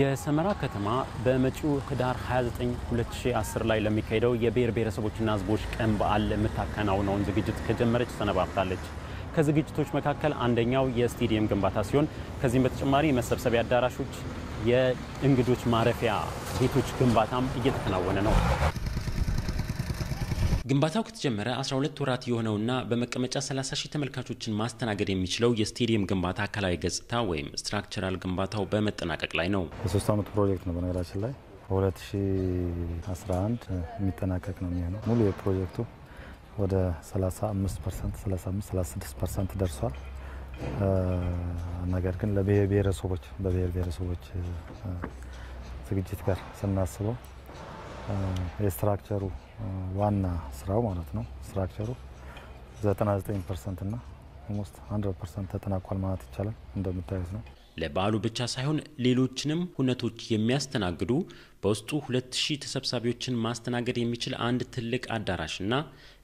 የሰመራ ከተማ በመጪው ህዳር 29 2010 ላይ ለሚካሄደው የብሔር ብሔረሰቦችና ህዝቦች ቀን በዓል የምታከናውነውን ዝግጅት ከጀመረች ሰነባብታለች። ከዝግጅቶች መካከል አንደኛው የስቴዲየም ግንባታ ሲሆን ከዚህም በተጨማሪ የመሰብሰቢያ አዳራሾች፣ የእንግዶች ማረፊያ ቤቶች ግንባታም እየተከናወነ ነው። ግንባታው ከተጀመረ 12 ወራት የሆነውና በመቀመጫ 30 ሺህ ተመልካቾችን ማስተናገድ የሚችለው የስቴዲየም ግንባታ አካላዊ ገጽታ ወይም ስትራክቸራል ግንባታው በመጠናቀቅ ላይ ነው። የሶስት ዓመት ፕሮጀክት ነው በነገራችን ላይ 2011 የሚጠናቀቅ ነው የሚሆነው ሙሉ የፕሮጀክቱ ወደ 35 ፐርሰንት 35 36 ፐርሰንት ደርሷል። ነገር ግን ለብሔር ብሔረሰቦች በብሔር ብሔረሰቦች ዝግጅት ጋር ስናስበው የስትራክቸሩ ዋና ስራው ማለት ነው። ስትራክቸሩ 99 ፐርሰንት እና ኦልሞስት 100 ፐርሰንት ተጠናቋል ማለት ይቻላል። እንደምታዩት ነው። ለበዓሉ ብቻ ሳይሆን ሌሎችንም ሁነቶች የሚያስተናግዱ በውስጡ ሁለት ሺህ ተሰብሳቢዎችን ማስተናገድ የሚችል አንድ ትልቅ አዳራሽና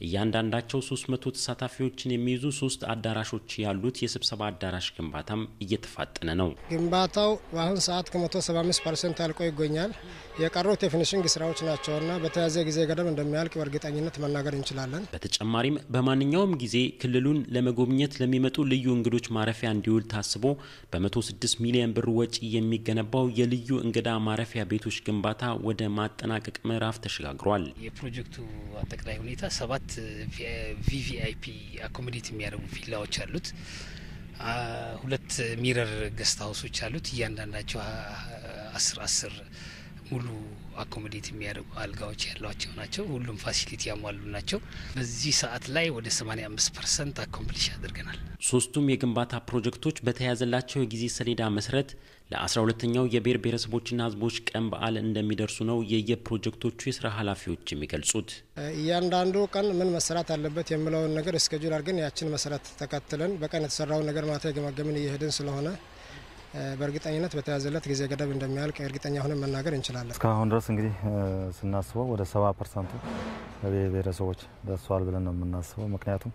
እያንዳንዳቸው 300 መቶ ተሳታፊዎችን የሚይዙ ሶስት አዳራሾች ያሉት የስብሰባ አዳራሽ ግንባታም እየተፋጠነ ነው። ግንባታው በአሁን ሰዓት ከ175 ፐርሰንት አልቆ ይገኛል። የቀሩት የፊኒሽንግ ስራዎች ናቸውና በተያዘ ጊዜ ገደብ እንደሚያልቅ በእርግጠኝነት መናገር እንችላለን። በተጨማሪም በማንኛውም ጊዜ ክልሉን ለመጎብኘት ለሚመጡ ልዩ እንግዶች ማረፊያ እንዲውል ታስቦ በመቶ 6 ሚሊዮን ብር ወጪ የሚገነባው የልዩ እንግዳ ማረፊያ ቤቶች ግንባታ ወደ ማጠናቀቅ ምዕራፍ ተሸጋግሯል። የፕሮጀክቱ አጠቃላይ ሁኔታ ሰባት ቪቪአይፒ አኮሞዴት የሚያደርጉ ቪላዎች አሉት። ሁለት ሚረር ገስት ሀውሶች አሉት። እያንዳንዳቸው አስር አስር ሙሉ አኮሞዴት የሚያደርጉ አልጋዎች ያሏቸው ናቸው። ሁሉም ፋሲሊቲ ያሟሉ ናቸው። በዚህ ሰዓት ላይ ወደ 85 ፐርሰንት አኮምፕሊሽ አድርገናል። ሶስቱም የግንባታ ፕሮጀክቶች በተያዘላቸው የጊዜ ሰሌዳ መሰረት ለ 12 ተኛው የብሔር ብሔረሰቦችና ሕዝቦች ቀን በዓል እንደሚደርሱ ነው የየፕሮጀክቶቹ የስራ ኃላፊዎች የሚገልጹት። እያንዳንዱ ቀን ምን መሰራት አለበት የምለውን ነገር እስከጁል አድርገን ያችን መሰረት ተከትለን በቀን የተሰራውን ነገር ማታ የገመገምን እየሄድን ስለሆነ በእርግጠኝነት በተያዘለት ጊዜ ገደብ እንደሚያልቅ እርግጠኛ ሆነን መናገር እንችላለን። እስካሁን ድረስ እንግዲህ ስናስበው ወደ ሰባ ፐርሰንቱ ብሔረሰቦች ደርሰዋል ብለን ነው የምናስበው። ምክንያቱም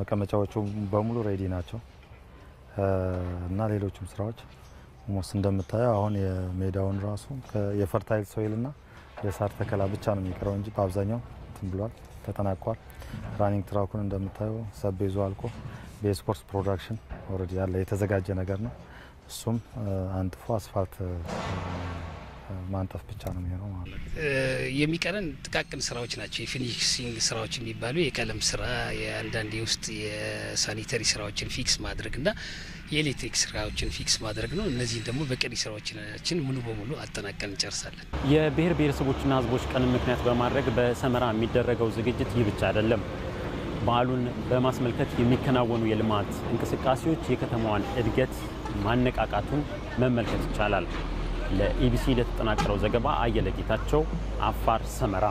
መቀመጫዎቹ በሙሉ ሬዲ ናቸው እና ሌሎችም ስራዎች ሞስ እንደምታየው አሁን የሜዳውን ራሱ የፈርታይል ሶይልና የሳር ተከላ ብቻ ነው የሚቀረው እንጂ በአብዛኛው እንትን ብሏል፣ ተጠናቋል። ራኒንግ ትራኩን እንደምታየው ሰቤዙ አልቆ ቤዝ ኮርስ ፕሮዳክሽን ኦልሬዲ ያለ የተዘጋጀ ነገር ነው። እሱም አንጥፎ አስፋልት ማንጠፍ ብቻ ነው የሚሆነው ማለት ነው። የሚቀረን ጥቃቅን ስራዎች ናቸው፣ የፊኒሽንግ ስራዎች የሚባሉ የቀለም ስራ፣ የአንዳንድ የውስጥ የሳኒተሪ ስራዎችን ፊክስ ማድረግ እና የኤሌክትሪክ ስራዎችን ፊክስ ማድረግ ነው። እነዚህን ደግሞ በቀሪ ስራዎቻችን ሙሉ በሙሉ አጠናቀን እንጨርሳለን። የብሔር ብሔረሰቦችና ህዝቦች ቀንን ምክንያት በማድረግ በሰመራ የሚደረገው ዝግጅት ይህ ብቻ አይደለም። በዓሉን በማስመልከት የሚከናወኑ የልማት እንቅስቃሴዎች የከተማዋን እድገት ማነቃቃቱን መመልከት ይቻላል። ለኢቢሲ ለተጠናቀረው ዘገባ አየለ ጌታቸው፣ አፋር ሰመራ